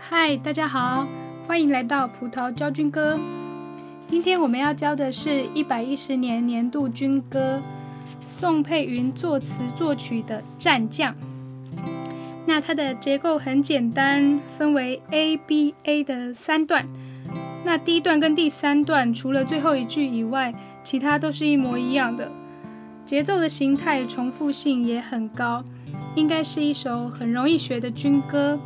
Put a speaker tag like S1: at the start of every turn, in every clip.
S1: hi 大家好，歡迎來到葡萄教軍歌。今天我們要教的是一百一十年年度軍歌，宋沛縜作詞作曲的《戰將》。那它的結構很簡單，分為 ABA 的三段。那第一段跟第三段除了最後一句以外，其他都是一模一樣的，節奏的形態重複性也很高，應該是一首很容易學的軍歌。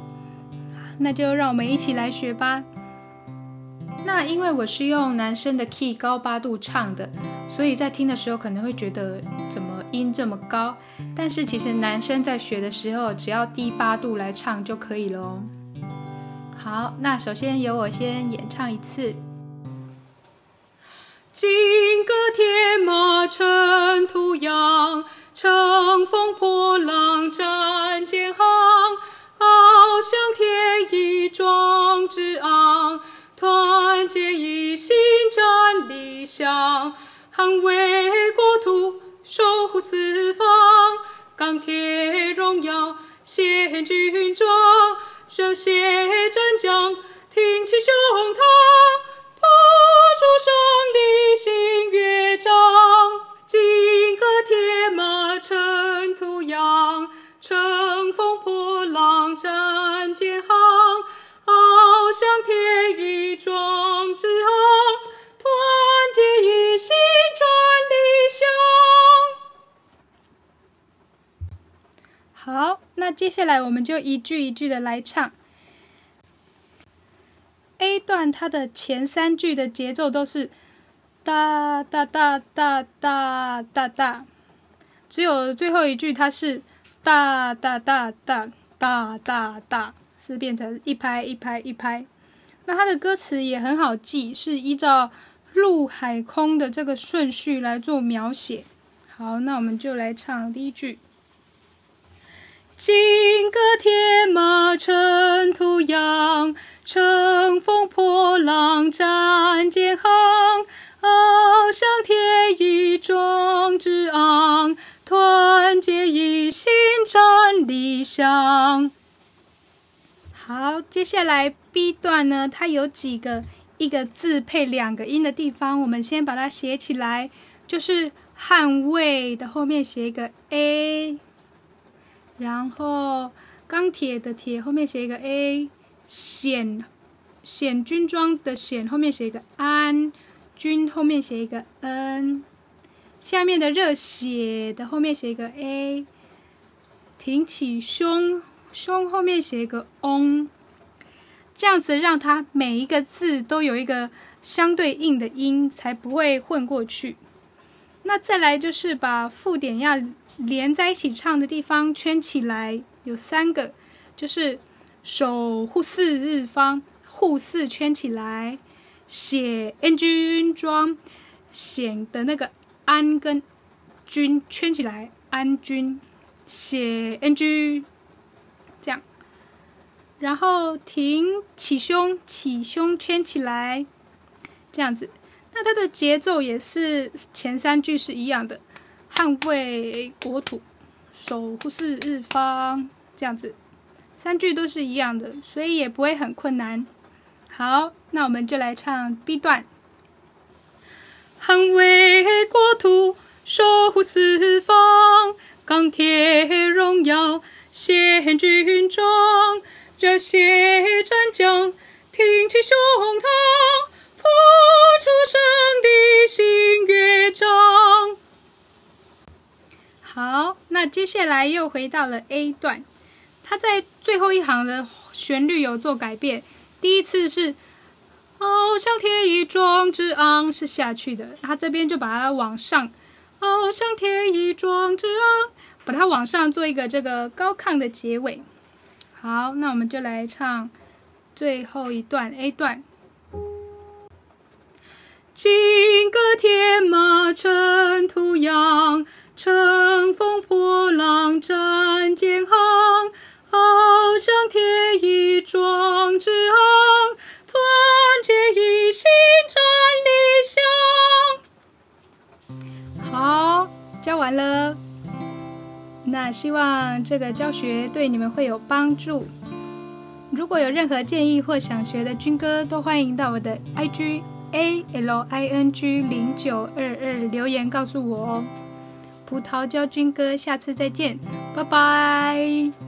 S1: 那就讓我們一起來學吧。那因為我是用男生的 key 高八度唱的，所以在聽的時候可能會覺得怎麼音這麼高，但是其實男生在學的時候只要低八度來唱就可以了哦。好，那首先由我先演唱一次。金戈鐵馬，塵土揚；乘風破浪，戰艦航。翱翔鐵翼，壯志昂；團結一心，展理想。捍衛國土，守護四方；鋼鐵榮耀，顯軍裝。熱血戰將，挺起胸膛。那接下來我們就一句一句的來唱。A 段它的前三句的節奏都是噠噠噠噠噠噠噠，只有最後一句它是噠噠噠噠噠噠噠、是變成一拍一拍一拍。那它的歌詞也很好記，是依照陸海空的這個順序來做描寫。好，那我們就來唱第一句。金戈鐵馬，塵土揚；乘風破浪，戰艦航。翱翔鐵翼，壯志昂；團結一心，展理想。好，接下來 B 段呢，它有幾個一個字配兩個音的地方，我們先把它寫起來。就是“捍衛”的後面寫一個 “a”。然後，鋼鐵的鐵後面寫一個 a，顯顯軍裝的顯後面寫一個 a 軍後面寫一個 n，下面的熱血的後面寫一個 a，挺起胸胸後面寫一個 o n 這樣子讓它每一個字都有一個相對應的音，才不會混過去。那再來就是把複點要。連在一起唱的地方圈起來，有三個，就是守護四日方，護四圈起來，寫 ng 軍裝，顯得那個安跟軍圈起來，安軍寫 ng 這樣，然後挺起胸，起胸圈起來，這樣子，那它的節奏也是前三句是一樣的。捍衛國土，守護四方，這樣子，三句都是一樣的，所以也不會很困難。好，那我們就來唱 B 段。捍衛國土，守護四方，鋼鐵榮耀，顯軍裝，熱血戰將，挺起胸膛，譜出。那接下來又回到了 A 段，它在最後一行的旋律有做改變。第一次是“翱翔鐵翼壯志昂”是下去的，它這邊就把它往上，“翱翔鐵翼壯志昂”，把它往上做一個這個高亢的結尾。好，那我們就來唱最後一段 A 段，“金戈鐵馬，塵土揚。”乘風破浪，戰艦航，翱翔鐵翼，壯志昂，團結一心，展理想。好，教完了。那希望這個教學對你們會有幫助。如果有任何建議或想學的軍歌，都歡迎到我的 IG、l、i、n、g a l i n g 零九二二留言告訴我哦。葡萄教軍歌，下次再見，拜拜。